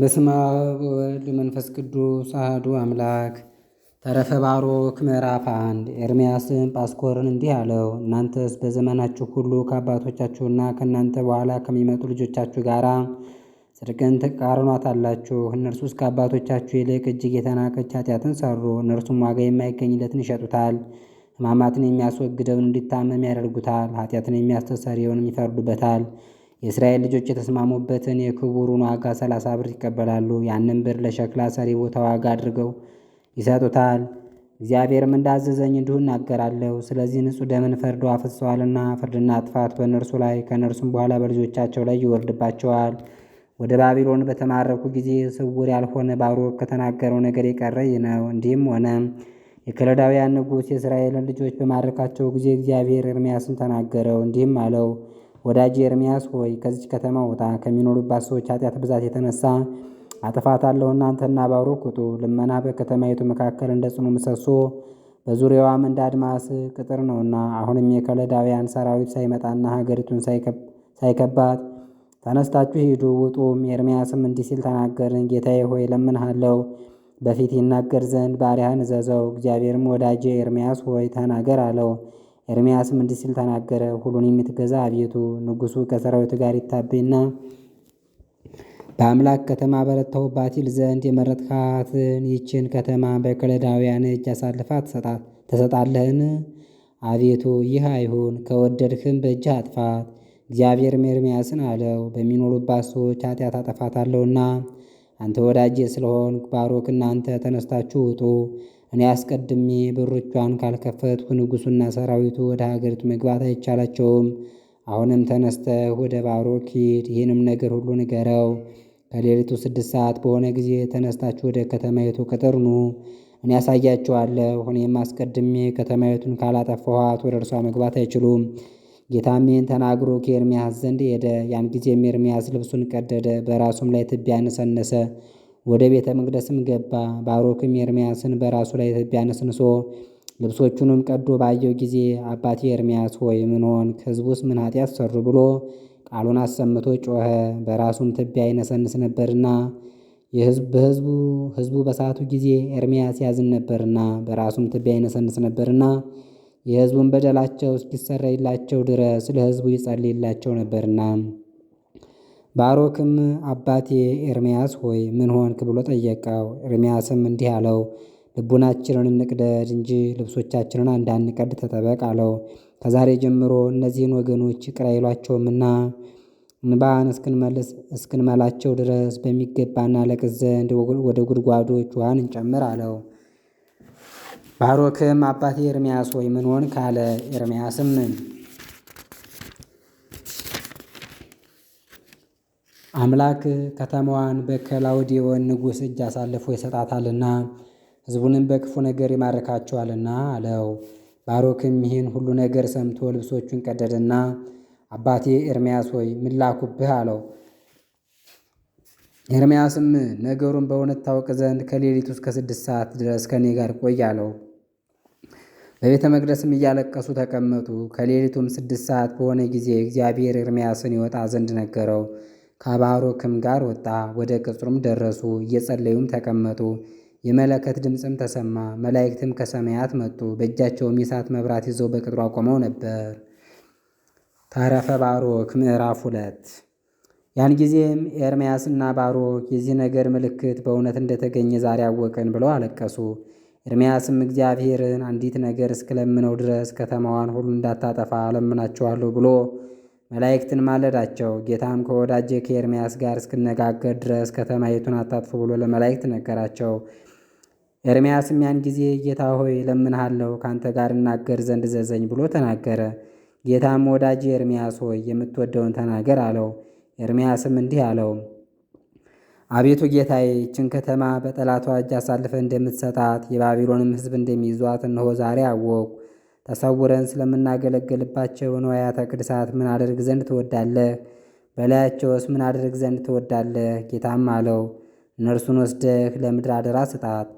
በስመ አብ ወወልድ መንፈስ ቅዱስ አህዱ አምላክ። ተረፈ ባሮክ ምዕራፍ አንድ ኤርምያስም ጳስኮርን እንዲህ አለው፣ እናንተስ በዘመናችሁ ሁሉ ከአባቶቻችሁና ከእናንተ በኋላ ከሚመጡ ልጆቻችሁ ጋር ጽድቅን ተቃርኗታላችሁ። እነርሱ እስከ አባቶቻችሁ ይልቅ እጅግ የተናቀች ኃጢአትን ሰሩ። እነርሱም ዋጋ የማይገኝለትን ይሸጡታል። ሕማማትን የሚያስወግደውን እንዲታመም ያደርጉታል። ኃጢአትን የሚያስተሰርየውንም ይፈርዱበታል። የእስራኤል ልጆች የተስማሙበትን የክቡሩን ዋጋ ሰላሳ ብር ይቀበላሉ። ያንን ብር ለሸክላ ሰሪ ቦታ ዋጋ አድርገው ይሰጡታል። እግዚአብሔርም እንዳዘዘኝ እንዲሁ እናገራለሁ። ስለዚህ ንጹሕ ደምን ፈርዶ አፍሰዋልና ፍርድና ጥፋት በእነርሱ ላይ ከእነርሱም በኋላ በልጆቻቸው ላይ ይወርድባቸዋል። ወደ ባቢሎን በተማረኩ ጊዜ ስውር ያልሆነ ባሮክ ከተናገረው ነገር የቀረ ይህ ነው። እንዲህም ሆነ የከለዳውያን ንጉሥ የእስራኤልን ልጆች በማረካቸው ጊዜ እግዚአብሔር ኤርምያስን ተናገረው፣ እንዲህም አለው ወዳጅ ኤርምያስ ሆይ ከዚች ከተማ ውጣ፣ ከሚኖሩባት ሰዎች ኃጢአት ብዛት የተነሳ አጥፋታለሁና አንተና ባሮክ ውጡ። ልመና በከተማይቱ መካከል እንደ ጽኑ ምሰሶ በዙሪያዋም እንደ አድማስ ቅጥር ነውና፣ አሁንም የከለዳውያን ሰራዊት ሳይመጣና ሀገሪቱን ሳይከባት ተነስታችሁ ሂዱ ውጡም። ኤርምያስም እንዲህ ሲል ተናገርን፣ ጌታዬ ሆይ ለምንሃለው በፊት ይናገር ዘንድ ባሪያህን እዘዘው። እግዚአብሔርም ወዳጄ ኤርምያስ ሆይ ተናገር አለው። ኤርምያስም እንዲህ ሲል ተናገረ። ሁሉን የምትገዛ አቤቱ ንጉሱ ከሰራዊቱ ጋር ይታበይና በአምላክ ከተማ በረታሁባት ይል ዘንድ የመረጥካትን ይችን ከተማ በከለዳውያን እጅ አሳልፋ ተሰጣለህን? አቤቱ ይህ አይሁን፣ ከወደድህም በእጅህ አጥፋት። እግዚአብሔር ኤርምያስን አለው፣ በሚኖሩባት ሰዎች ኃጢአት አጠፋታለሁና አንተ ወዳጄ ስለሆን ባሮክ እናንተ ተነስታችሁ ውጡ እኔ አስቀድሜ በሮቿን ካልከፈትሁ ንጉሱና ሰራዊቱ ወደ ሀገሪቱ መግባት አይቻላቸውም። አሁንም ተነስተህ ወደ ባሮክ ሂድ፣ ይህንም ነገር ሁሉ ንገረው። ከሌሊቱ ስድስት ሰዓት በሆነ ጊዜ ተነስታችሁ ወደ ከተማይቱ ቅጥርኑ እኔ ያሳያችኋለሁ። እኔም አስቀድሜ ከተማይቱን ካላጠፋኋት ወደ እርሷ መግባት አይችሉም። ጌታሜን ተናግሮ ከኤርሚያስ ዘንድ ሄደ። ያን ጊዜም ኤርሚያስ ልብሱን ቀደደ፣ በራሱም ላይ ትቢያ ነሰነሰ። ወደ ቤተ መቅደስም ገባ። ባሮክም ኤርምያስን በራሱ ላይ ቢያነስንሶ ልብሶቹንም ቀዶ ባየው ጊዜ አባቴ ኤርምያስ ሆይ ምን ሆንክ? ሕዝቡስ ምን ኃጢአት ሰሩ? ብሎ ቃሉን አሰምቶ ጮኸ። በራሱም ትቢያ ይነሰንስ ነበርና በሕዝቡ በሳቱ ጊዜ ኤርምያስ ያዝን ነበርና በራሱም ትቢያ ይነሰንስ ነበርና የህዝቡን በደላቸው እስኪሰረይላቸው ድረስ ለህዝቡ ይጸልይላቸው ነበርና ባሮክም አባቴ ኤርምያስ ሆይ ምን ሆንክ ብሎ ጠየቀው። ኤርምያስም እንዲህ አለው፣ ልቡናችንን እንቅደድ እንጂ ልብሶቻችንን እንዳንቀድ ተጠበቅ አለው። ከዛሬ ጀምሮ እነዚህን ወገኖች ይቅር አይሏቸውምና እንባን እስክንመላቸው ድረስ በሚገባ እናለቅስ ዘንድ ወደ ጉድጓዶች ውሃን እንጨምር አለው። ባሮክም አባቴ ኤርምያስ ሆይ ምን ሆንክ አለ። ኤርምያስም አምላክ ከተማዋን በከላውዲዮን ንጉሥ እጅ አሳልፎ ይሰጣታልና ሕዝቡንም በክፉ ነገር ይማርካቸዋልና አለው። ባሮክም ይህን ሁሉ ነገር ሰምቶ ልብሶቹን ቀደደና አባቴ ኤርምያስ ሆይ ምን ላኩብህ አለው። ኤርምያስም ነገሩን በእውነት ታውቅ ዘንድ ከሌሊቱ እስከ ስድስት ሰዓት ድረስ ከእኔ ጋር ቆይ አለው። በቤተ መቅደስም እያለቀሱ ተቀመጡ። ከሌሊቱም ስድስት ሰዓት በሆነ ጊዜ እግዚአብሔር ኤርምያስን ይወጣ ዘንድ ነገረው። ከባሮክም ጋር ወጣ። ወደ ቅጽሩም ደረሱ፣ እየጸለዩም ተቀመጡ። የመለከት ድምፅም ተሰማ። መላእክትም ከሰማያት መጡ፣ በእጃቸውም የእሳት መብራት ይዘው በቅጥሩ አቆመው ነበር። ተረፈ ባሮክ ምዕራፍ ሁለት ያን ጊዜም ኤርምያስና ባሮክ የዚህ ነገር ምልክት በእውነት እንደተገኘ ዛሬ አወቅን ብለው አለቀሱ። ኤርምያስም እግዚአብሔርን አንዲት ነገር እስክለምነው ድረስ ከተማዋን ሁሉ እንዳታጠፋ እለምናችኋለሁ ብሎ መላእክትን ማለዳቸው። ጌታም ከወዳጄ ከኤርምያስ ጋር እስክነጋገር ድረስ ከተማይቱን አታጥፎ ብሎ ለመላእክት ነገራቸው። ኤርምያስም ያን ጊዜ ጌታ ሆይ ለምንሃለሁ ከአንተ ጋር እናገር ዘንድ ዘዘኝ ብሎ ተናገረ። ጌታም ወዳጄ ኤርምያስ ሆይ የምትወደውን ተናገር አለው። ኤርምያስም እንዲህ አለው፣ አቤቱ ጌታዬ ይህችን ከተማ በጠላቷ እጅ አሳልፈ እንደምትሰጣት የባቢሎንም ሕዝብ እንደሚይዟት እነሆ ዛሬ አወቅሁ። ተሰውረን ስለምናገለግልባቸው ንዋያተ ቅድሳት ምን አደርግ ዘንድ ትወዳለህ? በላያቸውስ ምን አደርግ ዘንድ ትወዳለህ? ጌታም አለው እነርሱን ወስደህ ለምድር አደራ ስጣት።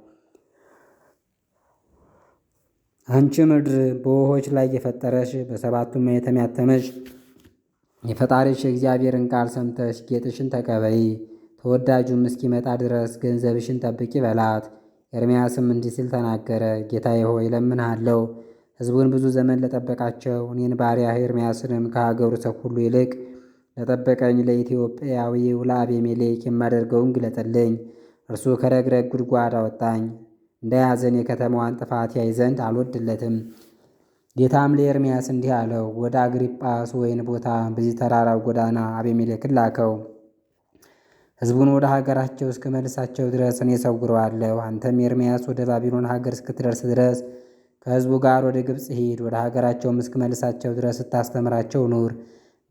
አንቺ ምድር በውሆች ላይ የፈጠረሽ በሰባቱ ማኅተም ያተመሽ የፈጣሪሽ የእግዚአብሔርን ቃል ሰምተሽ ጌጥሽን ተቀበይ፣ ተወዳጁም እስኪመጣ ድረስ ገንዘብሽን ጠብቂ በላት። ኤርምያስም እንዲህ ሲል ተናገረ፣ ጌታዬ ሆይ እለምንሃለሁ ሕዝቡን ብዙ ዘመን ለጠበቃቸው እኔን ባሪያ ኤርምያስንም ከሀገሩ ሰው ሁሉ ይልቅ ለጠበቀኝ ለኢትዮጵያዊው ለአቤሜሌክ የማደርገውን ግለጠልኝ። እርሱ ከረግረግ ጉድጓድ አወጣኝ፣ እንዳያዘን የከተማዋን ጥፋት ያይ ዘንድ አልወድለትም። ጌታም ለኤርምያስ እንዲህ አለው፣ ወደ አግሪጳስ ወይን ቦታ በዚህ ተራራው ጎዳና አቤሜሌክን ላከው። ሕዝቡን ወደ ሀገራቸው እስክመልሳቸው ድረስ እኔ ሰውረዋለሁ። አንተም ኤርምያስ ወደ ባቢሎን ሀገር እስክትደርስ ድረስ ከሕዝቡ ጋር ወደ ግብፅ ሂድ፣ ወደ ሀገራቸውም እስክመልሳቸው ድረስ ስታስተምራቸው ኑር።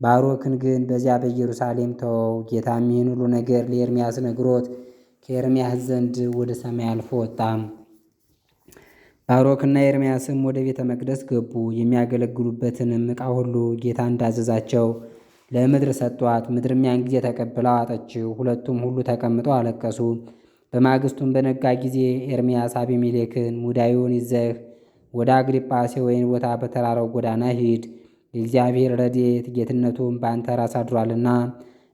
ባሮክን ግን በዚያ በኢየሩሳሌም ተወው። ጌታም ይህን ሁሉ ነገር ለኤርምያስ ነግሮት ከኤርምያስ ዘንድ ወደ ሰማይ አልፎ ወጣም። ባሮክና ኤርምያስም ወደ ቤተ መቅደስ ገቡ። የሚያገለግሉበትንም ዕቃ ሁሉ ጌታ እንዳዘዛቸው ለምድር ሰጧት። ምድርም ያን ጊዜ ተቀብላ ዋጠችው። ሁለቱም ሁሉ ተቀምጠው አለቀሱ። በማግስቱም በነጋ ጊዜ ኤርምያስ አቢሜሌክን ሙዳዩን ይዘህ ወደ አግሪጳ ወይን ቦታ በተራራው ጎዳና ሂድ፣ የእግዚአብሔር ረድኤት ጌትነቱም በአንተ ራስ አድሯልና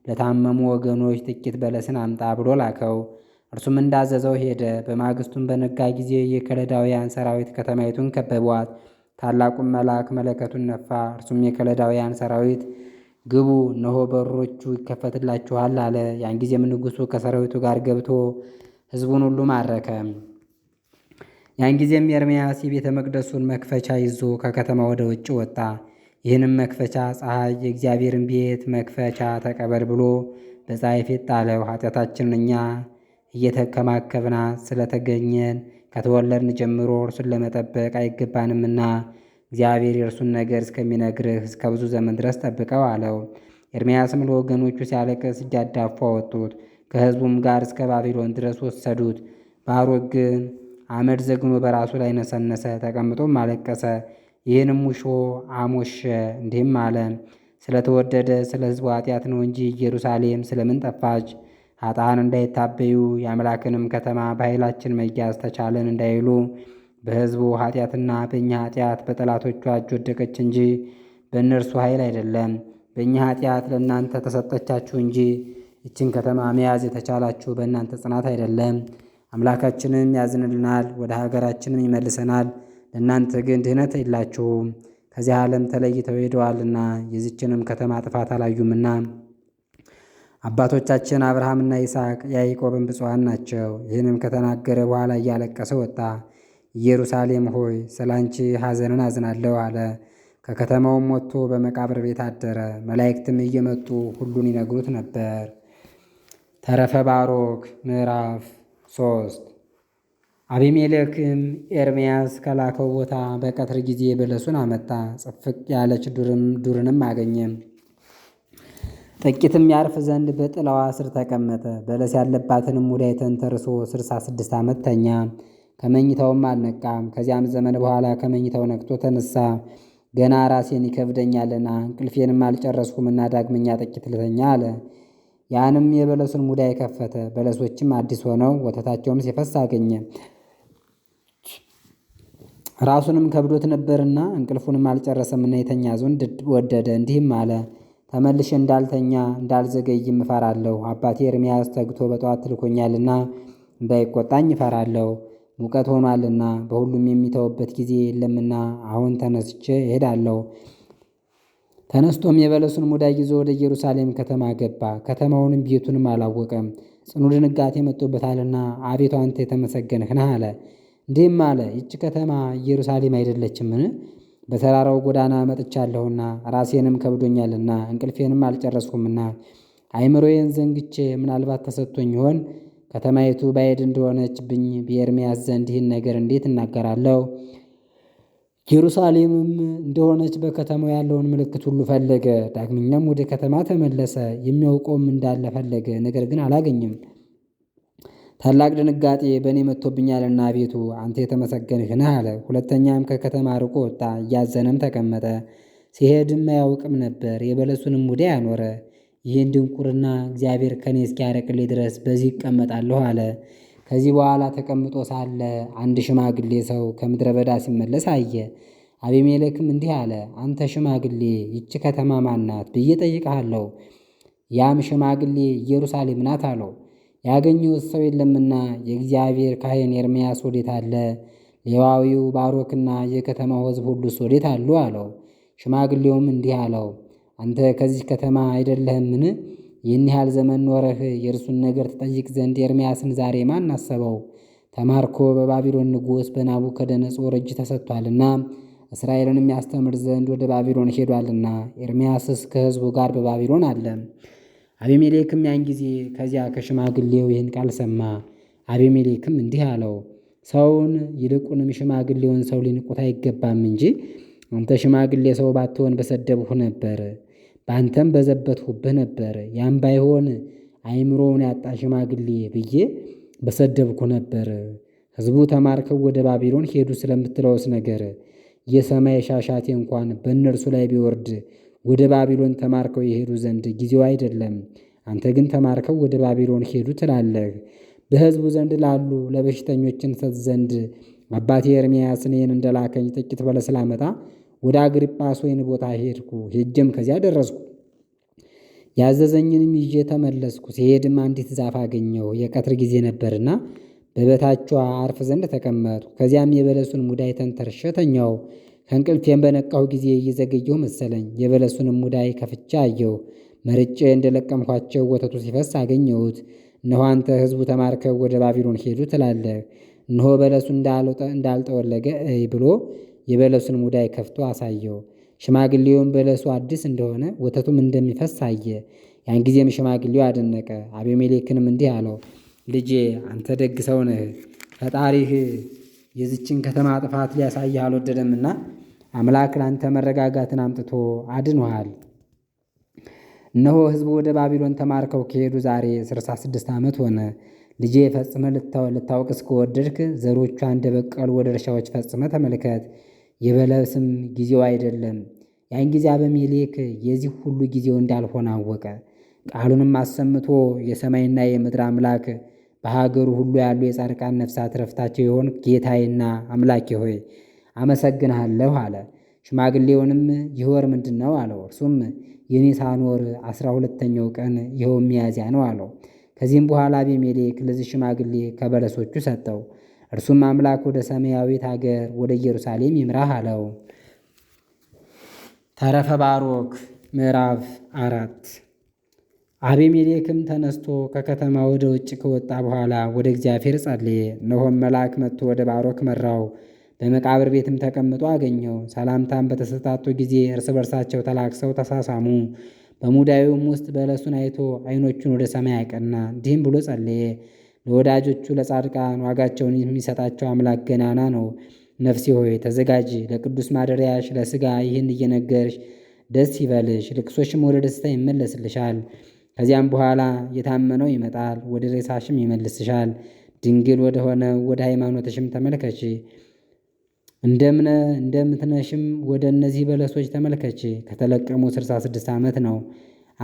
ለታመሙ ወገኖች ጥቂት በለስን አምጣ ብሎ ላከው። እርሱም እንዳዘዘው ሄደ። በማግስቱም በነጋ ጊዜ የከለዳውያን ሰራዊት ከተማይቱን ከበቧት። ታላቁም መልአክ መለከቱን ነፋ። እርሱም የከለዳውያን ሰራዊት ግቡ፣ እነሆ በሮቹ ይከፈትላችኋል አለ። ያን ጊዜም ንጉሡ ከሰራዊቱ ጋር ገብቶ ሕዝቡን ሁሉ ማረከም። ያን ጊዜም ኤርምያስ የቤተ መቅደሱን መክፈቻ ይዞ ከከተማ ወደ ውጭ ወጣ። ይህንም መክፈቻ ፀሐይ የእግዚአብሔርን ቤት መክፈቻ ተቀበል ብሎ በፀሐይ ፊት ጣለው። ኃጢአታችንን እኛ እየተከማከብና ስለተገኘን ከተወለድን ጀምሮ እርሱን ለመጠበቅ አይገባንምና እግዚአብሔር የእርሱን ነገር እስከሚነግርህ እስከ ብዙ ዘመን ድረስ ጠብቀው አለው። ኤርምያስም ለወገኖቹ ሲያለቅስ እያዳፉ አወጡት። ከሕዝቡም ጋር እስከ ባቢሎን ድረስ ወሰዱት። ባሮክ ግን አመድ ዘግኖ በራሱ ላይ ነሰነሰ፣ ተቀምጦም አለቀሰ። ይህንም ውሾ አሞሸ፣ እንዲህም አለ ስለተወደደ ስለ ሕዝቡ ኃጢአት ነው እንጂ ኢየሩሳሌም ስለምን ጠፋች? አጣን እንዳይታበዩ የአምላክንም ከተማ በኃይላችን መያዝ ተቻለን እንዳይሉ በሕዝቡ ኃጢአትና በእኛ ኃጢአት በጠላቶቿ እጅ ወደቀች እንጂ በእነርሱ ኃይል አይደለም። በእኛ ኃጢአት ለእናንተ ተሰጠቻችሁ እንጂ ይችን ከተማ መያዝ የተቻላችሁ በእናንተ ጽናት አይደለም። አምላካችንም ያዝንልናል፣ ወደ ሀገራችንም ይመልሰናል። ለእናንተ ግን ድህነት የላችሁም ከዚህ ዓለም ተለይተው ሄደዋልና የዚችንም ከተማ ጥፋት አላዩምና። አባቶቻችን አብርሃምና ይስሐቅ ያዕቆብን ብፁዓን ናቸው። ይህንም ከተናገረ በኋላ እያለቀሰ ወጣ። ኢየሩሳሌም ሆይ ስላንቺ ሐዘንን አዝናለሁ አለ። ከከተማውም ወጥቶ በመቃብር ቤት አደረ። መላእክትም እየመጡ ሁሉን ይነግሩት ነበር። ተረፈ ባሮክ ምዕራፍ ሶስት አቢሜሌክም ኤርምያስ ከላከው ቦታ በቀትር ጊዜ በለሱን አመጣ። ጽፍቅ ያለች ዱርም ዱርንም አገኘ። ጥቂትም ያርፍ ዘንድ በጥላዋ ስር ተቀመጠ። በለስ ያለባትንም ሙዳይ ተንተርሶ ስድሳ ስድስት ዓመት ተኛ። ከመኝታውም አልነቃም። ከዚያም ዘመን በኋላ ከመኝታው ነቅቶ ተነሳ። ገና ራሴን ይከብደኛልና እንቅልፌንም አልጨረስኩምና ዳግመኛ ጥቂት ልተኛ አለ። ያንም የበለሱን ሙዳይ ከፈተ። በለሶችም አዲስ ሆነው ወተታቸውም ሲፈስ አገኘ። ራሱንም ከብዶት ነበርና እንቅልፉንም አልጨረሰምና የተኛ ዘንድ ወደደ። እንዲህም አለ፣ ተመልሼ እንዳልተኛ እንዳልዘገይም እፈራለሁ። አባቴ ኤርምያስ ተግቶ በጠዋት ትልኮኛልና እንዳይቆጣኝ እፈራለሁ። ሙቀት ሆኗልና በሁሉም የሚተውበት ጊዜ የለምና አሁን ተነስቼ እሄዳለሁ። ተነስቶም የበለሱን ሙዳይ ይዞ ወደ ኢየሩሳሌም ከተማ ገባ። ከተማውንም ቤቱንም አላወቀም፣ ጽኑ ድንጋጤ መጥቶበታልና አቤቱ አንተ የተመሰገንህ ነህ አለ። እንዲህም አለ፣ ይቺ ከተማ ኢየሩሳሌም አይደለችምን? በተራራው ጎዳና መጥቻለሁና ራሴንም ከብዶኛልና እንቅልፌንም አልጨረስኩምና አይምሮዬን ዘንግቼ ምናልባት ተሰጥቶኝ ይሆን ከተማይቱ ባዕድ እንደሆነችብኝ በኤርምያስ ዘንድ ይህን ነገር እንዴት እናገራለሁ? ኢየሩሳሌምም እንደሆነች በከተማው ያለውን ምልክት ሁሉ ፈለገ። ዳግመኛም ወደ ከተማ ተመለሰ፣ የሚያውቀውም እንዳለ ፈለገ፣ ነገር ግን አላገኝም። ታላቅ ድንጋጤ በእኔ መጥቶብኛልና አቤቱ አንተ የተመሰገንህ ነህ አለ። ሁለተኛም ከከተማ ርቆ ወጣ፣ እያዘነም ተቀመጠ። ሲሄድም አያውቅም ነበር። የበለሱንም ሙዳይ አኖረ። ይህን ድንቁርና እግዚአብሔር ከእኔ እስኪያረቅልኝ ድረስ በዚህ ይቀመጣለሁ አለ። ከዚህ በኋላ ተቀምጦ ሳለ አንድ ሽማግሌ ሰው ከምድረ በዳ ሲመለስ አየ። አቤሜሌክም እንዲህ አለ፣ አንተ ሽማግሌ ይቺ ከተማ ማን ናት ብዬ ጠይቀሃለሁ። ያም ሽማግሌ ኢየሩሳሌም ናት አለው። ያገኘሁት ሰው የለምና የእግዚአብሔር ካህን ኤርምያስ ወዴት አለ? ሌዋዊው ባሮክና የከተማው ሕዝብ ሁሉስ ወዴት አሉ? አለው። ሽማግሌውም እንዲህ አለው፣ አንተ ከዚህ ከተማ አይደለህምን? ይህን ያህል ዘመን ኖረህ የእርሱን ነገር ትጠይቅ ዘንድ ኤርምያስን ዛሬ ማን አሰበው? ተማርኮ በባቢሎን ንጉሥ በናቡከደነጾር እጅ ተሰጥቷልና እስራኤልን የሚያስተምር ዘንድ ወደ ባቢሎን ሄዷልና። ኤርምያስስ ከሕዝቡ ጋር በባቢሎን አለ። አቤሜሌክም ያን ጊዜ ከዚያ ከሽማግሌው ይህን ቃል ሰማ። አቤሜሌክም እንዲህ አለው፣ ሰውን ይልቁንም ሽማግሌውን ሰው ሊንቁት አይገባም እንጂ አንተ ሽማግሌ ሰው ባትሆን በሰደብሁ ነበር። ባንተም በዘበትሁብህ ነበር። ያም ባይሆን አይምሮውን ያጣ ሽማግሌ ብዬ በሰደብኩ ነበር። ሕዝቡ ተማርከው ወደ ባቢሎን ሄዱ ስለምትለውስ ነገር የሰማይ ሻሻቴ እንኳን በእነርሱ ላይ ቢወርድ ወደ ባቢሎን ተማርከው የሄዱ ዘንድ ጊዜው አይደለም። አንተ ግን ተማርከው ወደ ባቢሎን ሄዱ ትላለህ። በሕዝቡ ዘንድ ላሉ ለበሽተኞችን ሰት ዘንድ አባቴ ኤርምያስ እኔን እንደላከኝ ጥቂት በለስ ላመጣ ወደ አግሪጳስ ወይን ቦታ ሄድኩ። ሄጀም ከዚያ ደረስኩ። ያዘዘኝንም ይዤ ተመለስኩ። ሲሄድም አንዲት ዛፍ አገኘው። የቀትር ጊዜ ነበርና በበታቿ አርፍ ዘንድ ተቀመጡ ከዚያም የበለሱን ሙዳይ ተንተርሼ ተኛው። ከእንቅልፌም በነቃሁ ጊዜ እየዘገየሁ መሰለኝ። የበለሱንም ሙዳይ ከፍቻ አየው። መርጬ እንደለቀምኳቸው ወተቱ ሲፈስ አገኘሁት። እነሆ አንተ ሕዝቡ ተማርከው ወደ ባቢሎን ሄዱ ትላለህ፣ እነሆ በለሱ እንዳልጠወለገ እይ ብሎ የበለሱን ሙዳይ ከፍቶ አሳየው። ሽማግሌውም በለሱ አዲስ እንደሆነ ወተቱም እንደሚፈስ አየ። ያን ጊዜም ሽማግሌው አደነቀ። አቤሜሌክንም እንዲህ አለው፣ ልጄ አንተ ደግ ሰው ነህ። ፈጣሪህ የዝችን ከተማ ጥፋት ሊያሳይህ አልወደደምና አምላክ ለአንተ መረጋጋትን አምጥቶ አድኖሃል። እነሆ ሕዝቡ ወደ ባቢሎን ተማርከው ከሄዱ ዛሬ ስድሳ ስድስት ዓመት ሆነ። ልጄ ፈጽመ ልታወቅ እስከወደድክ ዘሮቿ እንደበቀሉ ወደ እርሻዎች ፈጽመ ተመልከት። የበለስም ጊዜው አይደለም። ያን ጊዜ አበሜሌክ የዚህ ሁሉ ጊዜው እንዳልሆነ አወቀ። ቃሉንም አሰምቶ የሰማይና የምድር አምላክ በሀገሩ ሁሉ ያሉ የጻድቃን ነፍሳት ረፍታቸው የሆን ጌታዬና አምላኬ ሆይ አመሰግንሃለሁ አለ። ሽማግሌውንም ይህ ወር ምንድን ነው አለው። እርሱም የኒሳን ወር አስራ ሁለተኛው ቀን ይኸው ሚያዝያ ነው አለው። ከዚህም በኋላ አቤሜሌክ ለዚህ ሽማግሌ ከበለሶቹ ሰጠው። እርሱም አምላክ ወደ ሰማያዊት ሀገር ወደ ኢየሩሳሌም ይምራህ አለው። ተረፈ ባሮክ ምዕራፍ አራት አቤሜሌክም ተነስቶ ከከተማ ወደ ውጭ ከወጣ በኋላ ወደ እግዚአብሔር ጸልየ። እነሆም መልአክ መጥቶ ወደ ባሮክ መራው። በመቃብር ቤትም ተቀምጦ አገኘው። ሰላምታም በተሰጣጡ ጊዜ እርስ በርሳቸው ተላቅሰው ተሳሳሙ። በሙዳዩም ውስጥ በለሱን አይቶ ዓይኖቹን ወደ ሰማይ አቀና፣ እንዲህም ብሎ ጸልየ። ለወዳጆቹ ለጻድቃን ዋጋቸውን የሚሰጣቸው አምላክ ገናና ነው። ነፍሴ ሆይ ተዘጋጅ ለቅዱስ ማደሪያሽ ለስጋ ይህን እየነገርሽ ደስ ይበልሽ፣ ልቅሶሽም ወደ ደስታ ይመለስልሻል። ከዚያም በኋላ የታመነው ይመጣል፣ ወደ ሬሳሽም ይመልስሻል። ድንግል ወደ ወደ ሃይማኖትሽም ተመልከች። እንደምነ እንደምትነሽም ወደ እነዚህ በለሶች ተመልከች። ከተለቀሙ ስድሳ ዓመት ነው።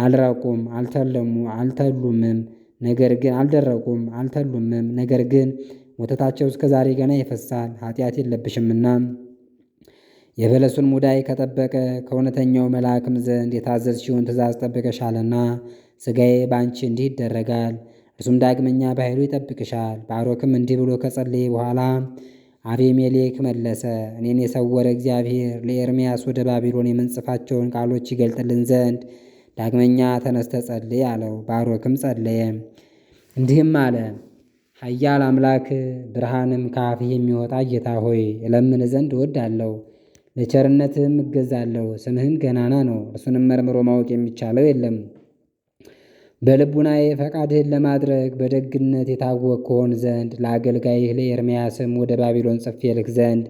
አልራቁም፣ አልተለሙ፣ አልተሉምም ነገር ግን አልደረቁም አልተሉምም። ነገር ግን ወተታቸው እስከ ዛሬ ገና ይፈሳል፣ ኃጢአት የለብሽምና። የበለሱን ሙዳይ ከጠበቀ ከእውነተኛው መልአክም ዘንድ የታዘዝሽውን ትእዛዝ ጠብቀሻልና ሥጋዬ በአንቺ እንዲህ ይደረጋል። እርሱም ዳግመኛ በኃይሉ ይጠብቅሻል። ባሮክም እንዲህ ብሎ ከጸለየ በኋላ አቤሜሌክ መለሰ። እኔን የሰወረ እግዚአብሔር ለኤርምያስ ወደ ባቢሎን የምንጽፋቸውን ቃሎች ይገልጥልን ዘንድ ዳግመኛ ተነስተ ጸልይ አለው። ባሮክም ጸለየ፣ እንዲህም አለ ኃያል አምላክ ብርሃንም ከአፍህ የሚወጣ ጌታ ሆይ እለምን ዘንድ እወዳለሁ፣ ለቸርነትህም እገዛለሁ። ስምህም ገናና ነው፣ እርሱንም መርምሮ ማወቅ የሚቻለው የለም። በልቡናዬ ፈቃድህን ለማድረግ በደግነት የታወቅ ከሆን ዘንድ ለአገልጋይህ ለኤርምያስም ወደ ባቢሎን ጽፌ ልክ ዘንድ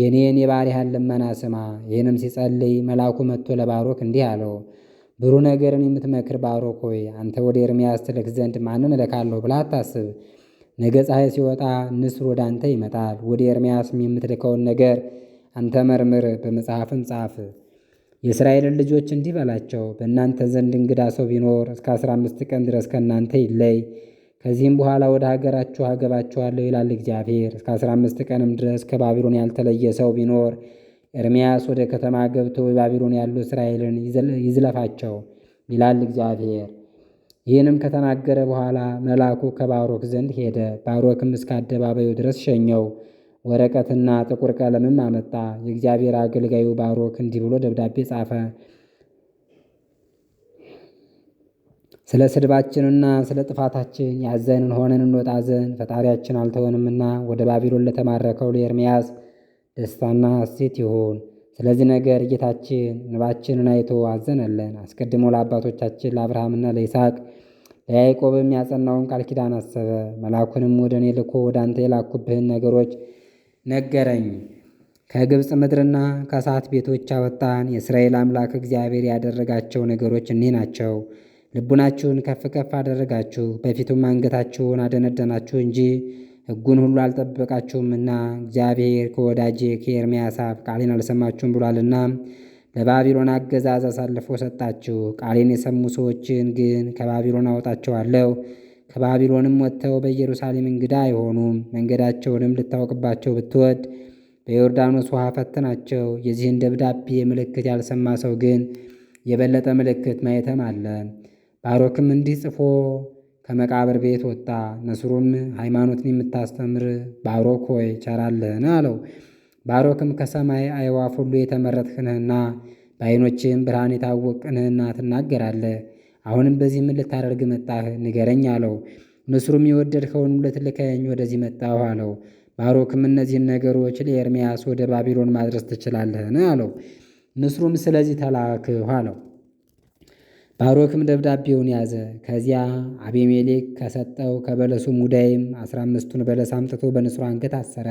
የኔን የባሪያህን ልመና ስማ። ይህንም ሲጸልይ መልአኩ መጥቶ ለባሮክ እንዲህ አለው ብሩ ነገርን የምትመክር ባሮክ ሆይ አንተ ወደ ኤርምያስ ትልክ ዘንድ ማንን እልካለሁ ብላ አታስብ። ነገ ፀሐይ ሲወጣ ንስር ወደ አንተ ይመጣል። ወደ ኤርምያስም የምትልከውን ነገር አንተ መርምር፣ በመጽሐፍም ጻፍ። የእስራኤልን ልጆች እንዲህ በላቸው፣ በእናንተ ዘንድ እንግዳ ሰው ቢኖር እስከ አስራ አምስት ቀን ድረስ ከእናንተ ይለይ። ከዚህም በኋላ ወደ ሀገራችሁ አገባችኋለሁ ይላል እግዚአብሔር። እስከ አስራ አምስት ቀንም ድረስ ከባቢሎን ያልተለየ ሰው ቢኖር ኤርምያስ ወደ ከተማ ገብቶ በባቢሎን ያሉ እስራኤልን ይዝለፋቸው ይላል እግዚአብሔር። ይህንም ከተናገረ በኋላ መልአኩ ከባሮክ ዘንድ ሄደ። ባሮክም እስከ አደባባዩ ድረስ ሸኘው። ወረቀትና ጥቁር ቀለምም አመጣ። የእግዚአብሔር አገልጋዩ ባሮክ እንዲህ ብሎ ደብዳቤ ጻፈ። ስለ ስድባችንና ስለ ጥፋታችን ያዘንን ሆነን እንወጣ ዘንድ ፈጣሪያችን አልተወንምና ወደ ባቢሎን ለተማረከው ለኤርምያስ ደስታና ሐሴት ይሁን። ስለዚህ ነገር ጌታችን እንባችንን አይቶ አዘነለን። አስቀድሞ ለአባቶቻችን ለአብርሃምና ለይስሐቅ ለያይቆብ የሚያጸናውን ቃል ኪዳን አሰበ። መልአኩንም ወደ እኔ ልኮ ወደ አንተ የላኩብህን ነገሮች ነገረኝ። ከግብፅ ምድርና ከእሳት ቤቶች አወጣን። የእስራኤል አምላክ እግዚአብሔር ያደረጋቸው ነገሮች እኒህ ናቸው። ልቡናችሁን ከፍ ከፍ አደረጋችሁ፣ በፊቱም አንገታችሁን አደነደናችሁ እንጂ ሕጉን ሁሉ አልጠበቃችሁምና እግዚአብሔር ከወዳጄ ከኤርምያስ አፍ ቃሌን አልሰማችሁም ብሏልና ለባቢሎን አገዛዝ አሳልፎ ሰጣችሁ። ቃሌን የሰሙ ሰዎችን ግን ከባቢሎን አወጣቸዋለሁ። ከባቢሎንም ወጥተው በኢየሩሳሌም እንግዳ አይሆኑም። መንገዳቸውንም ልታወቅባቸው ብትወድ በዮርዳኖስ ውሃ ፈትናቸው። የዚህን ደብዳቤ ምልክት ያልሰማ ሰው ግን የበለጠ ምልክት ማየትም አለ። ባሮክም እንዲህ ጽፎ ከመቃብር ቤት ወጣ። ንስሩም ሃይማኖትን የምታስተምር ባሮክ ሆይ ቸራለህን አለው። ባሮክም ከሰማይ አይዋፍ ሁሉ የተመረጥክንህና ነህና ብርሃን የታወቅንህና ነህና ትናገራለህ። አሁንም በዚህ ምን ልታደርግ መጣህ? ንገረኝ አለው። ንስሩም የወደድከውን ልትልከኝ ወደዚህ መጣሁ አለው። ባሮክም እነዚህን ነገሮች ለኤርምያስ ወደ ባቢሎን ማድረስ ትችላለህን አለው። ንስሩም ስለዚህ ተላክሁ አለው። ባሮክም ደብዳቤውን ያዘ። ከዚያ አቤሜሌክ ከሰጠው ከበለሱ ሙዳይም አስራ አምስቱን በለስ አምጥቶ በንስሩ አንገት አሰረ።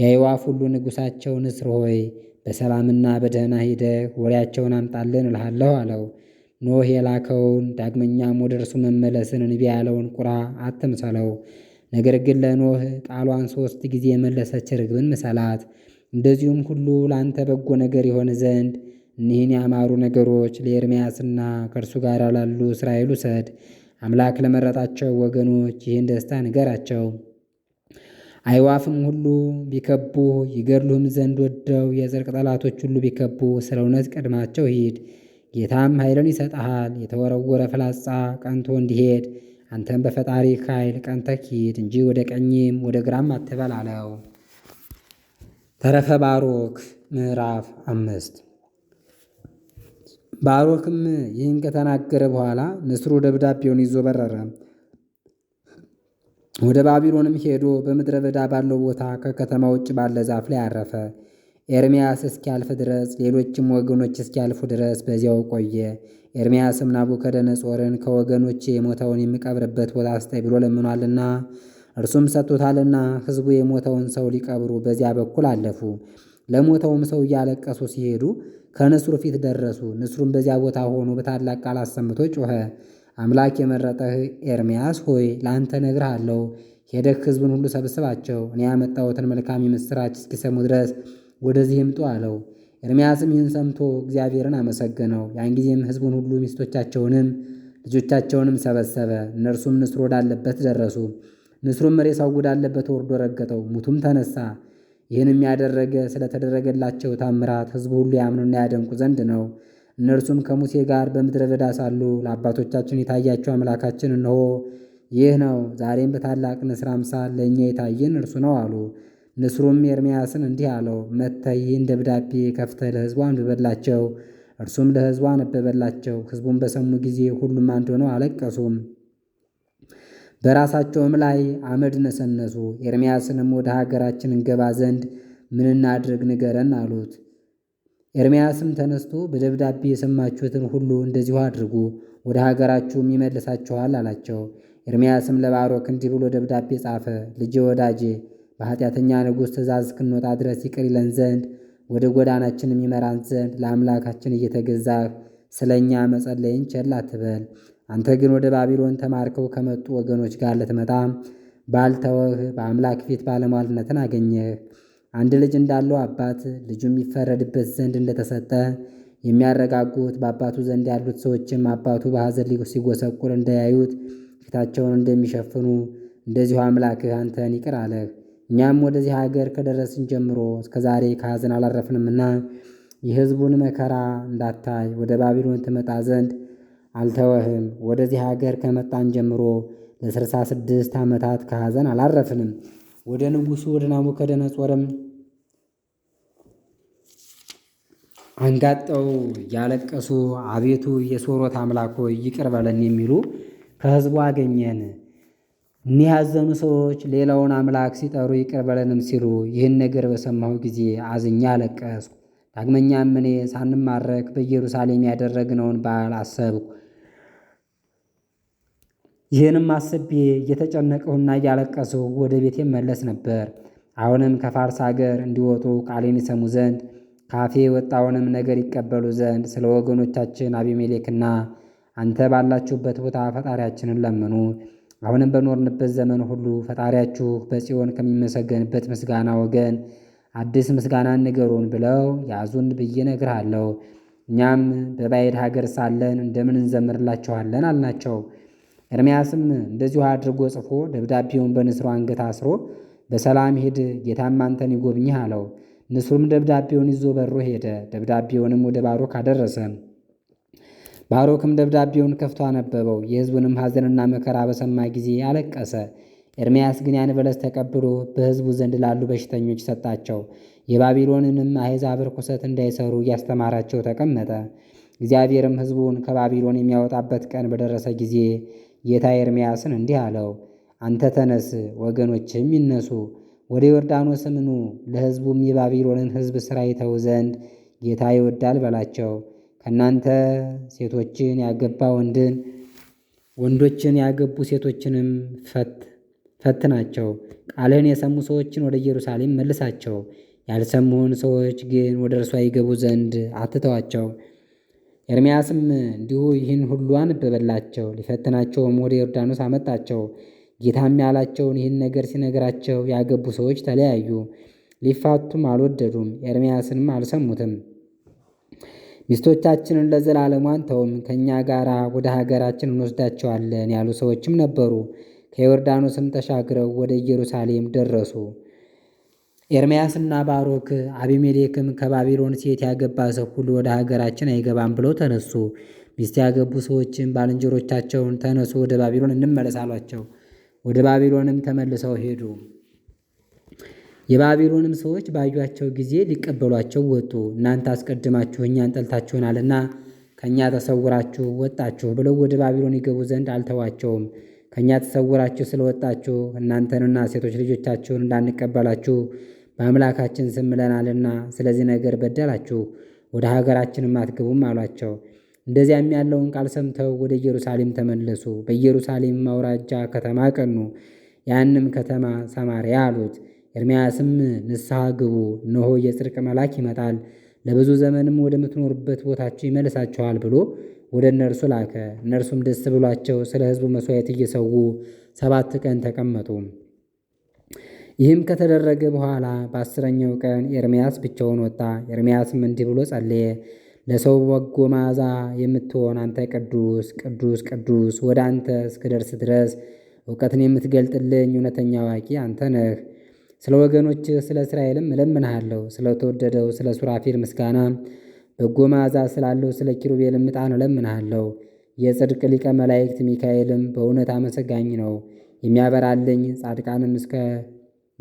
የአይዋፍ ሁሉ ንጉሳቸው ንስር ሆይ በሰላምና በደህና ሂደ ወሬያቸውን አምጣልን እልሃለሁ አለው። ኖህ የላከውን ዳግመኛም ወደ እርሱ መመለስን እንቢ ያለውን ቁራ አትምሰለው። ነገር ግን ለኖህ ቃሏን ሦስት ጊዜ የመለሰች ርግብን ምሰላት። እንደዚሁም ሁሉ ለአንተ በጎ ነገር የሆነ ዘንድ እኒህን ያማሩ ነገሮች ለኤርምያስና ከእርሱ ጋር ላሉ እስራኤል ውሰድ። አምላክ ለመረጣቸው ወገኖች ይህን ደስታ ንገራቸው። አይዋፍም ሁሉ ቢከቡ ይገድሉህም ዘንድ ወደው የጽርቅ ጠላቶች ሁሉ ቢከቡ ስለ እውነት ቀድማቸው ሂድ። ጌታም ኃይልን ይሰጠሃል። የተወረወረ ፍላጻ ቀንቶ እንዲሄድ አንተም በፈጣሪ ኃይል ቀንተህ ሂድ እንጂ ወደ ቀኝም ወደ ግራም አትበል አለው። ተረፈ ባሮክ ምዕራፍ አምስት ባሮክም ይህን ከተናገረ በኋላ ንስሩ ደብዳቤውን ይዞ በረረ። ወደ ባቢሎንም ሄዶ በምድረ በዳ ባለው ቦታ ከከተማ ውጭ ባለ ዛፍ ላይ አረፈ። ኤርምያስ እስኪያልፍ ድረስ ሌሎችም ወገኖች እስኪያልፉ ድረስ በዚያው ቆየ። ኤርምያስም ናቡከደነጾርን ከወገኖች የሞተውን የሚቀብርበት ቦታ አስጠኝ ብሎ ለምኗልና እርሱም ሰጥቶታልና ሕዝቡ የሞተውን ሰው ሊቀብሩ በዚያ በኩል አለፉ። ለሞተውም ሰው እያለቀሱ ሲሄዱ ከንስሩ ፊት ደረሱ። ንስሩም በዚያ ቦታ ሆኖ በታላቅ ቃል አሰምቶ ጮኸ። አምላክ የመረጠህ ኤርምያስ ሆይ ለአንተ እነግርሃለሁ፣ ሄደህ ህዝቡን ሁሉ ሰብስባቸው፣ እኔ ያመጣሁትን መልካም የምሥራች እስኪሰሙ ድረስ ወደዚህ ምጡ አለው። ኤርምያስም ይህን ሰምቶ እግዚአብሔርን አመሰገነው። ያን ጊዜም ሕዝቡን ሁሉ ሚስቶቻቸውንም ልጆቻቸውንም ሰበሰበ። እነርሱም ንስሩ ወዳለበት ደረሱ። ንስሩም ሬሳው ወዳለበት ወርዶ ረገጠው፣ ሙቱም ተነሳ። ይህንም ያደረገ ስለተደረገላቸው ታምራት ሕዝቡ ሁሉ ያምኑና ያደንቁ ዘንድ ነው። እነርሱም ከሙሴ ጋር በምድረ በዳ ሳሉ ለአባቶቻችን የታያቸው አምላካችን እነሆ ይህ ነው፣ ዛሬም በታላቅ ንስር አምሳል ለእኛ የታየን እርሱ ነው አሉ። ንስሩም ኤርምያስን እንዲህ አለው፣ መተይ ይህን ደብዳቤ ከፍተ ለሕዝቡ አንብበላቸው። እርሱም ለሕዝቡ አነበበላቸው። ሕዝቡም በሰሙ ጊዜ ሁሉም አንድ ሆነው አለቀሱም። በራሳቸውም ላይ አመድ ነሰነሱ። ኤርምያስንም ወደ ሀገራችን እንገባ ዘንድ ምን እናድርግ ንገረን አሉት። ኤርምያስም ተነስቶ በደብዳቤ የሰማችሁትን ሁሉ እንደዚሁ አድርጉ፣ ወደ ሀገራችሁም ይመልሳችኋል አላቸው። ኤርምያስም ለባሮክ እንዲህ ብሎ ደብዳቤ ጻፈ። ልጄ ወዳጄ በኃጢአተኛ ንጉሥ ትእዛዝ እስክንወጣ ድረስ ይቅር ይለን ዘንድ ወደ ጎዳናችንም ይመራን ዘንድ ለአምላካችን እየተገዛህ ስለ እኛ መጸለይን ቸል አትበል። አንተ ግን ወደ ባቢሎን ተማርከው ከመጡ ወገኖች ጋር ልትመጣ ባልተወህ በአምላክ ፊት ባለሟልነትን አገኘህ። አንድ ልጅ እንዳለው አባት ልጁም ይፈረድበት ዘንድ እንደተሰጠ የሚያረጋጉት በአባቱ ዘንድ ያሉት ሰዎችም አባቱ በሐዘን ሲጎሰቁል እንዳያዩት ፊታቸውን እንደሚሸፍኑ እንደዚሁ አምላክህ አንተን ይቅር አለህ። እኛም ወደዚህ ሀገር ከደረስን ጀምሮ እስከዛሬ ከሐዘን አላረፍንምና የሕዝቡን መከራ እንዳታይ ወደ ባቢሎን ትመጣ ዘንድ አልተወህም። ወደዚህ ሀገር ከመጣን ጀምሮ ለ66 ዓመታት ከሐዘን አላረፍንም። ወደ ንጉሱ ወደ ናቡከደነጾርም አንጋጠው ያለቀሱ አቤቱ የሶሮት አምላኮ ይቅር በለን የሚሉ ከህዝቡ አገኘን። እኒያዘኑ ያዘኑ ሰዎች ሌላውን አምላክ ሲጠሩ ይቅር በለንም ሲሉ ይህን ነገር በሰማሁ ጊዜ አዝኛ አለቀስኩ። ዳግመኛም እኔ ሳንማረክ በኢየሩሳሌም ያደረግነውን በዓል አሰብኩ። ይህንም አስቤ እየተጨነቀውና እያለቀሱ ወደ ቤቴ መለስ ነበር። አሁንም ከፋርስ አገር እንዲወጡ ቃሌን ይሰሙ ዘንድ ካፌ ወጣውንም ነገር ይቀበሉ ዘንድ ስለ ወገኖቻችን አቢሜሌክና አንተ ባላችሁበት ቦታ ፈጣሪያችንን ለምኑ። አሁንም በኖርንበት ዘመን ሁሉ ፈጣሪያችሁ በጽዮን ከሚመሰገንበት ምስጋና ወገን አዲስ ምስጋና ንገሩን ብለው ያዙን ብዬ ነግርሃለሁ። እኛም በባዕድ ሀገር ሳለን እንደምን እንዘምርላችኋለን አልናቸው። ኤርምያስም እንደዚሁ አድርጎ ጽፎ ደብዳቤውን በንስሩ አንገት አስሮ በሰላም ሄድ ጌታም አንተን ይጎብኝህ አለው። ንስሩም ደብዳቤውን ይዞ በሮ ሄደ። ደብዳቤውንም ወደ ባሮክ አደረሰ። ባሮክም ደብዳቤውን ከፍቶ አነበበው። የሕዝቡንም ሐዘንና መከራ በሰማ ጊዜ አለቀሰ። ኤርምያስ ግን ያን በለስ ተቀብሎ በሕዝቡ ዘንድ ላሉ በሽተኞች ሰጣቸው። የባቢሎንንም አሕዛብ ርኩሰት እንዳይሰሩ እያስተማራቸው ተቀመጠ። እግዚአብሔርም ሕዝቡን ከባቢሎን የሚያወጣበት ቀን በደረሰ ጊዜ ጌታ ኤርምያስን እንዲህ አለው፣ አንተ ተነስ፣ ወገኖችም ይነሱ፣ ወደ ዮርዳኖስ ምኑ ለሕዝቡም የባቢሎንን ሕዝብ ሥራ ይተው ዘንድ ጌታ ይወዳል በላቸው። ከእናንተ ሴቶችን ያገባ ወንድን ወንዶችን ያገቡ ሴቶችንም ፈት ፈትናቸው። ቃልህን የሰሙ ሰዎችን ወደ ኢየሩሳሌም መልሳቸው። ያልሰሙህን ሰዎች ግን ወደ እርሷ ይገቡ ዘንድ አትተዋቸው። ኤርምያስም እንዲሁ ይህን ሁሉ አነበበላቸው። ሊፈትናቸውም ወደ ዮርዳኖስ አመጣቸው። ጌታም ያላቸውን ይህን ነገር ሲነግራቸው ያገቡ ሰዎች ተለያዩ፣ ሊፋቱም አልወደዱም፣ ኤርምያስንም አልሰሙትም። ሚስቶቻችንን ለዘላለሙ አንተውም፣ ከእኛ ጋር ወደ ሀገራችን እንወስዳቸዋለን ያሉ ሰዎችም ነበሩ። ከዮርዳኖስም ተሻግረው ወደ ኢየሩሳሌም ደረሱ። ኤርምያስና ባሮክ አቢሜሌክም ከባቢሎን ሴት ያገባ ሰው ሁሉ ወደ ሀገራችን አይገባም ብለው ተነሱ። ሚስት ያገቡ ሰዎችም ባልንጀሮቻቸውን ተነሱ፣ ወደ ባቢሎን እንመለስ አሏቸው። ወደ ባቢሎንም ተመልሰው ሄዱ። የባቢሎንም ሰዎች ባዩቸው ጊዜ ሊቀበሏቸው ወጡ። እናንተ አስቀድማችሁ እኛን ጠልታችሁናልና ከእኛ ተሰውራችሁ ወጣችሁ ብለው ወደ ባቢሎን ይገቡ ዘንድ አልተዋቸውም። ከእኛ ተሰውራችሁ ስለወጣችሁ እናንተንና ሴቶች ልጆቻችሁን እንዳንቀበላችሁ በአምላካችን ስም ምለናልና ስለዚህ ነገር በደላችሁ፣ ወደ ሀገራችንም አትግቡም አሏቸው። እንደዚያም ያለውን ቃል ሰምተው ወደ ኢየሩሳሌም ተመለሱ። በኢየሩሳሌም አውራጃ ከተማ ቀኑ። ያንም ከተማ ሰማርያ አሉት። ኤርምያስም ንስሐ ግቡ፣ እነሆ የጽድቅ መልአክ ይመጣል፣ ለብዙ ዘመንም ወደምትኖሩበት ቦታችሁ ይመልሳችኋል ብሎ ወደ እነርሱ ላከ። እነርሱም ደስ ብሏቸው ስለ ሕዝቡ መሥዋዕት እየሰዉ ሰባት ቀን ተቀመጡ። ይህም ከተደረገ በኋላ በአስረኛው ቀን ኤርምያስ ብቻውን ወጣ። ኤርምያስም እንዲህ ብሎ ጸለየ። ለሰው በጎ መዓዛ የምትሆን አንተ ቅዱስ ቅዱስ ቅዱስ፣ ወደ አንተ እስክደርስ ድረስ እውቀትን የምትገልጥልኝ እውነተኛ አዋቂ አንተ ነህ። ስለ ወገኖችህ ስለ እስራኤልም እለምንሃለሁ። ስለተወደደው ስለ ሱራፊል ምስጋና በጎ መዓዛ ስላለው ስለ ኪሩቤል ምጣን እለምንሃለሁ። የጽድቅ ሊቀ መላእክት ሚካኤልም በእውነት አመሰጋኝ ነው የሚያበራልኝ፣ ጻድቃንም እስከ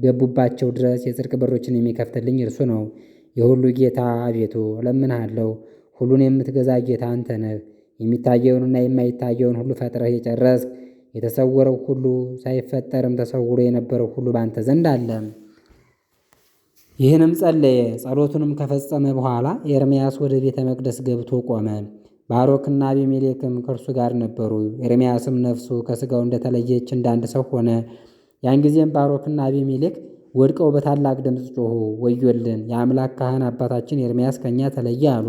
ገቡባቸው ድረስ የጽድቅ በሮችን የሚከፍትልኝ እርሱ ነው። የሁሉ ጌታ አቤቱ እለምንሃለሁ። ሁሉን የምትገዛ ጌታ አንተ ነህ። የሚታየውንና የማይታየውን ሁሉ ፈጥረህ የጨረስክ የተሰወረው ሁሉ ሳይፈጠርም ተሰውሮ የነበረው ሁሉ በአንተ ዘንድ አለም። ይህንም ጸለየ። ጸሎቱንም ከፈጸመ በኋላ ኤርምያስ ወደ ቤተ መቅደስ ገብቶ ቆመ። ባሮክና አቢሜሌክም ከእርሱ ጋር ነበሩ። ኤርምያስም ነፍሱ ከሥጋው እንደተለየች እንዳንድ ሰው ሆነ። ያን ጊዜም ባሮክና አቢሜሌክ ወድቀው በታላቅ ድምፅ ጮኹ፣ ወዮልን! የአምላክ ካህን አባታችን ኤርምያስ ከእኛ ተለየ አሉ።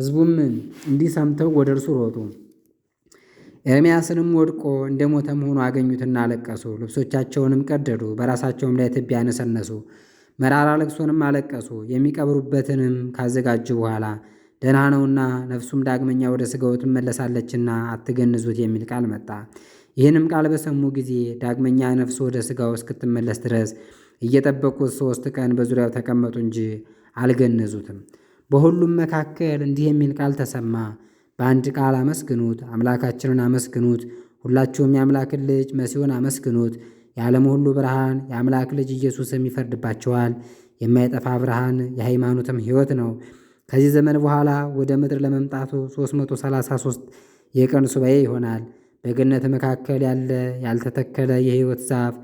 ሕዝቡም እንዲህ ሰምተው ወደ እርሱ ሮጡ። ኤርምያስንም ወድቆ እንደ ሞተ መሆኑ አገኙትና አለቀሱ። ልብሶቻቸውንም ቀደዱ፣ በራሳቸውም ላይ ትቢያ ነሰነሱ። መራራ ልቅሶንም አለቀሱ። የሚቀብሩበትንም ካዘጋጁ በኋላ ደህና ነውና ነፍሱም ዳግመኛ ወደ ሥጋው ትመለሳለችና አትገንዙት የሚል ቃል መጣ። ይህንም ቃል በሰሙ ጊዜ ዳግመኛ ነፍሱ ወደ ሥጋው እስክትመለስ ድረስ እየጠበቁት ሦስት ቀን በዙሪያው ተቀመጡ እንጂ አልገነዙትም። በሁሉም መካከል እንዲህ የሚል ቃል ተሰማ። በአንድ ቃል አመስግኑት፣ አምላካችንን አመስግኑት፣ ሁላችሁም የአምላክን ልጅ መሲሆን አመስግኑት የዓለም ሁሉ ብርሃን የአምላክ ልጅ ኢየሱስም ይፈርድባቸዋል። የማይጠፋ ብርሃን የሃይማኖትም ሕይወት ነው። ከዚህ ዘመን በኋላ ወደ ምድር ለመምጣቱ 333 የቀን ሱባኤ ይሆናል። በገነት መካከል ያለ ያልተተከለ የሕይወት ዛፍ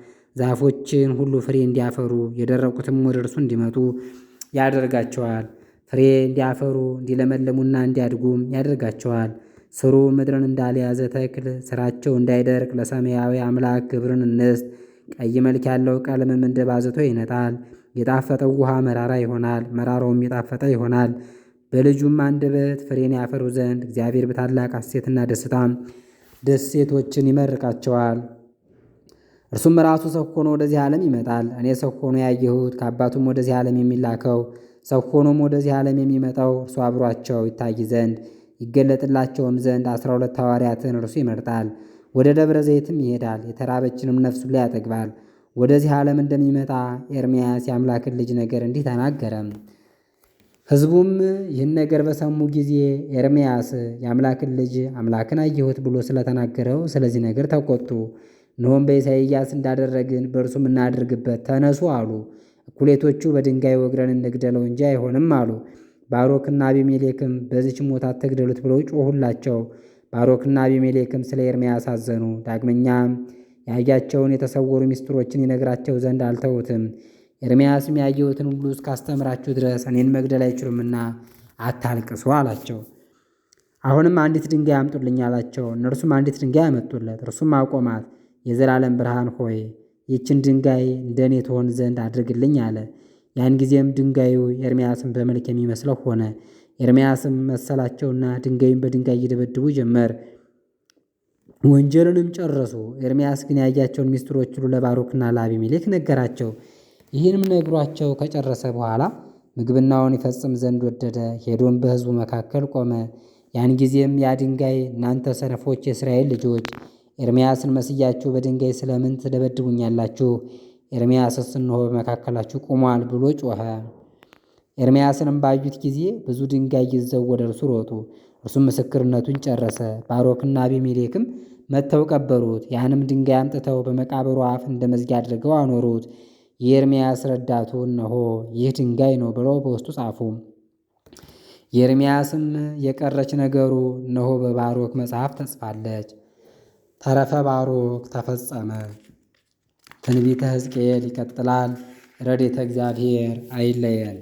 ዛፎችን ሁሉ ፍሬ እንዲያፈሩ የደረቁትም ወደ እርሱ እንዲመጡ ያደርጋቸዋል። ፍሬ እንዲያፈሩ እንዲለመለሙና እንዲያድጉም ያደርጋቸዋል። ስሩ ምድርን እንዳልያዘ ተክል ስራቸው እንዳይደርቅ ለሰማያዊ አምላክ ክብርን እንስጥ። ቀይ መልክ ያለው ቀለምም እንደ ባዘቶ ይነጣል። የጣፈጠው ውሃ መራራ ይሆናል፣ መራራውም የጣፈጠ ይሆናል። በልጁም አንደበት ፍሬን ያፈሩ ዘንድ እግዚአብሔር በታላቅ ሐሴትና ደስታም ደሴቶችን ይመርቃቸዋል። እርሱም ራሱ ሰው ሆኖ ወደዚህ ዓለም ይመጣል። እኔ ሰው ሆኖ ያየሁት ከአባቱም ወደዚህ ዓለም የሚላከው ሰው ሆኖም ወደዚህ ዓለም የሚመጣው እርሱ አብሯቸው ይታይ ዘንድ ይገለጥላቸውም ዘንድ አስራ ሁለት ሐዋርያትን እርሱ ይመርጣል። ወደ ደብረ ዘይትም ይሄዳል፣ የተራበችንም ነፍሱ ላይ ያጠግባል። ወደዚህ ዓለም እንደሚመጣ ኤርምያስ የአምላክን ልጅ ነገር እንዲህ ተናገረም። ሕዝቡም ይህን ነገር በሰሙ ጊዜ ኤርምያስ የአምላክን ልጅ አምላክን አየሁት ብሎ ስለተናገረው ስለዚህ ነገር ተቆጡ። እነሆም በኢሳይያስ እንዳደረግን በእርሱም እናድርግበት፣ ተነሱ አሉ። እኩሌቶቹ በድንጋይ ወግረን እንግደለው እንጂ አይሆንም አሉ። ባሮክና አቢሜሌክም በዚች ሞት አትግደሉት ብለው ጮሁላቸው። ባሮክና አቢሜሌክም ስለ ኤርምያስ አዘኑ። ዳግመኛም ያያቸውን የተሰወሩ ሚስጥሮችን ይነግራቸው ዘንድ አልተውትም። ኤርምያስም ያየሁትን ሁሉ እስካስተምራችሁ ድረስ እኔን መግደል አይችሉምና አታልቅሱ አላቸው። አሁንም አንዲት ድንጋይ አምጡልኝ አላቸው። እነርሱም አንዲት ድንጋይ አመጡለት። እርሱም አቆማት። የዘላለም ብርሃን ሆይ ይችን ድንጋይ እንደኔ ትሆን ዘንድ አድርግልኝ አለ። ያን ጊዜም ድንጋዩ ኤርምያስን በመልክ የሚመስለው ሆነ። ኤርምያስም መሰላቸውና ድንጋዩን በድንጋይ እየደበድቡ ጀመር። ወንጀሉንም ጨረሱ። ኤርምያስ ግን ያያቸውን ሚስጥሮች ሁሉ ለባሩክና ለአቢሜሌክ ነገራቸው። ይህንም ነግሯቸው ከጨረሰ በኋላ ምግብናውን ይፈጽም ዘንድ ወደደ። ሄዶም በሕዝቡ መካከል ቆመ። ያን ጊዜም ያ ድንጋይ እናንተ ሰነፎች የእስራኤል ልጆች ኤርምያስን መስያችሁ በድንጋይ ስለምን ትደበድቡኛላችሁ? ኤርምያስስ እነሆ በመካከላችሁ ቆሟል ብሎ ጮኸ። ኤርምያስንም ባዩት ጊዜ ብዙ ድንጋይ ይዘው ወደ እርሱ ሮጡ። እርሱም ምስክርነቱን ጨረሰ። ባሮክና አቢሜሌክም መጥተው ቀበሩት። ያንም ድንጋይ አምጥተው በመቃብሩ አፍ እንደ መዝጊያ አድርገው አኖሩት። የኤርምያስ ረዳቱ እነሆ ይህ ድንጋይ ነው ብለው በውስጡ ጻፉ። የኤርምያስም የቀረች ነገሩ እነሆ በባሮክ መጽሐፍ ተጽፋለች። ተረፈ ባሮክ ተፈጸመ። ትንቢተ ሕዝቅኤል ይቀጥላል። ረድኤተ እግዚአብሔር አይለየን።